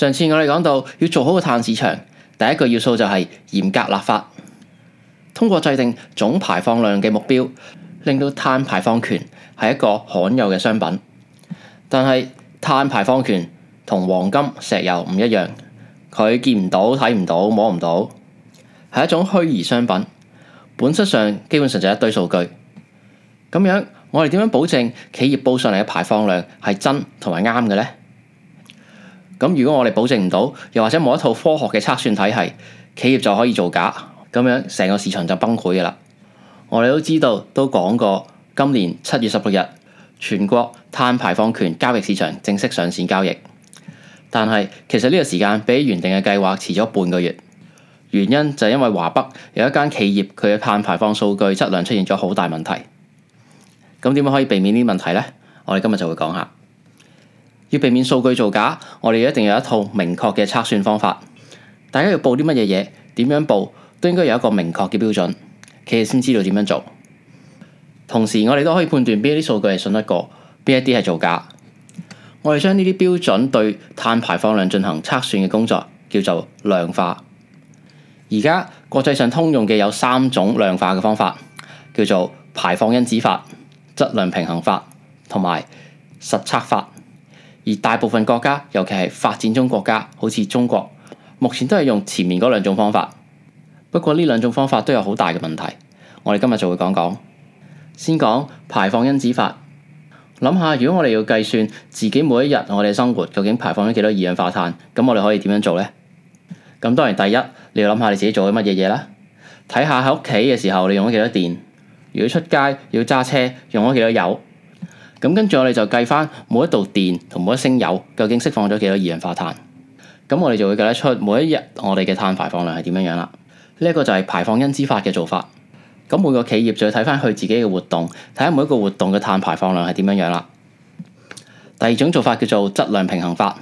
上次我哋講到要做好個碳市場，第一個要素就係嚴格立法，通過制定總排放量嘅目標，令到碳排放權係一個罕有嘅商品。但係碳排放權同黃金、石油唔一樣，佢見唔到、睇唔到、摸唔到，係一種虛擬商品，本質上基本上就係一堆數據。咁樣我哋點樣保證企業報上嚟嘅排放量係真同埋啱嘅咧？咁如果我哋保證唔到，又或者冇一套科學嘅測算體系，企業就可以造假，咁樣成個市場就崩潰嘅啦。我哋都知道，都講過今年七月十六日，全國碳排放權交易市場正式上線交易。但係其實呢個時間比原定嘅計劃遲咗半個月，原因就係因為華北有一間企業佢嘅碳排放數據質量出現咗好大問題。咁點樣可以避免呢啲問題呢？我哋今日就會講下。要避免數據造假，我哋一定要有一套明確嘅測算方法。大家要報啲乜嘢嘢，點樣報，都應該有一個明確嘅標準，企業先知道點樣做。同時，我哋都可以判斷邊一啲數據係信得過，邊一啲係造假。我哋將呢啲標準對碳排放量進行測算嘅工作叫做量化。而家國際上通用嘅有三種量化嘅方法，叫做排放因子法、質量平衡法同埋實測法。而大部分國家，尤其係發展中國家，好似中國，目前都係用前面嗰兩種方法。不過呢兩種方法都有好大嘅問題，我哋今日就會講講。先講排放因子法，諗下如果我哋要計算自己每一日我哋嘅生活究竟排放咗幾多二氧化碳，咁我哋可以點樣做呢？咁當然第一，你要諗下你自己做緊乜嘢嘢啦，睇下喺屋企嘅時候你用咗幾多電，如果出街要揸車用咗幾多油。咁跟住我哋就計翻每一度電同每一升油究竟釋放咗幾多二氧化碳，咁我哋就會計得出每一日我哋嘅碳排放量係點樣樣啦。呢一個就係排放因子法嘅做法。咁每個企業就要睇翻佢自己嘅活動，睇下每一個活動嘅碳排放量係點樣樣啦。第二種做法叫做質量平衡法，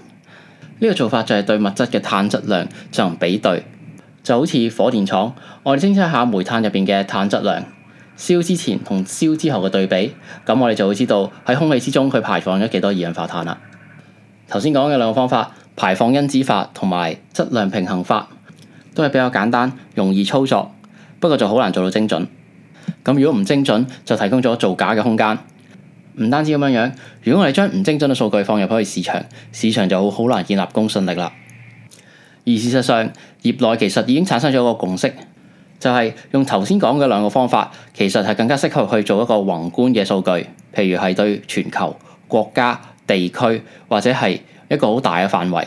呢個做法就係對物質嘅碳質量進行比對，就好似火電廠，我哋稱測下煤炭入邊嘅碳質量。燒之前同燒之後嘅對比，咁我哋就會知道喺空氣之中佢排放咗幾多二氧化碳啦。頭先講嘅兩個方法，排放因子法同埋質量平衡法，都係比較簡單、容易操作，不過就好難做到精準。咁如果唔精準，就提供咗造假嘅空間。唔單止咁樣樣，如果我哋將唔精準嘅數據放入去市場，市場就好難建立公信力啦。而事實上，業內其實已經產生咗一個共識，就係用頭先講嘅兩個方法，其實係更加適合去做一個宏觀嘅數據，譬如係對全球、國家、地區或者係一個好大嘅範圍，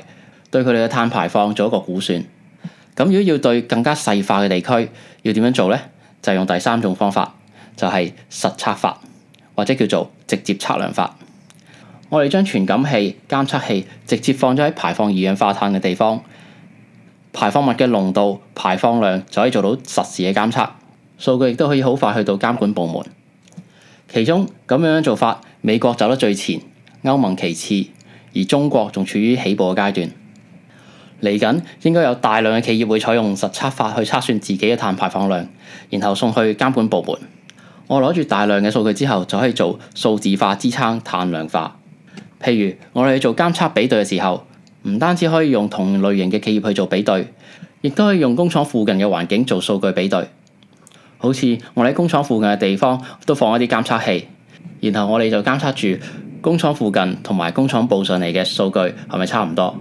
對佢哋嘅碳排放做一個估算。咁如果要對更加細化嘅地區，要點樣做咧？就用第三種方法，就係實測法，或者叫做直接測量法。我哋將傳感器監測器直接放咗喺排放二氧化碳嘅地方。排放物嘅濃度、排放量就可以做到實時嘅監測，數據亦都可以好快去到監管部門。其中咁樣做法，美國走得最前，歐盟其次，而中國仲處於起步嘅階段。嚟緊應該有大量嘅企業會採用實測法去測算自己嘅碳排放量，然後送去監管部門。我攞住大量嘅數據之後就可以做數字化支撐碳量化。譬如我哋做監測比對嘅時候。唔單止可以用同類型嘅企業去做比對，亦都可以用工廠附近嘅環境做數據比對。好似我哋喺工廠附近嘅地方都放一啲監測器，然後我哋就監測住工廠附近同埋工廠報上嚟嘅數據係咪差唔多。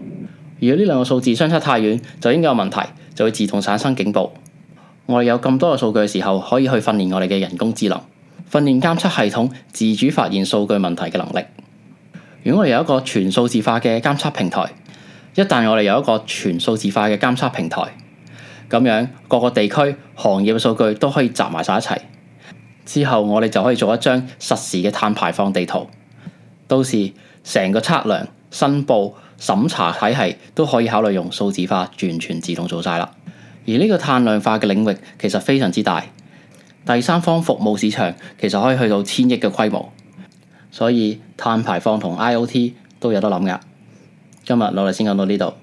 如果呢兩個數字相差太遠，就應該有問題，就會自動產生警報。我哋有咁多嘅數據嘅時候，可以去訓練我哋嘅人工智能，訓練監測系統自主發現數據問題嘅能力。如果我哋有一個全數字化嘅監測平台。一旦我哋有一個全數字化嘅監測平台，咁樣各個地區行業嘅數據都可以集埋晒一齊，之後我哋就可以做一張實時嘅碳排放地圖。到時成個測量、申報、審查體系都可以考慮用數字化，完全，全自動做晒啦。而呢個碳量化嘅領域其實非常之大，第三方服務市場其實可以去到千億嘅規模，所以碳排放同 IOT 都有得諗噶。今日落嚟先講到呢度。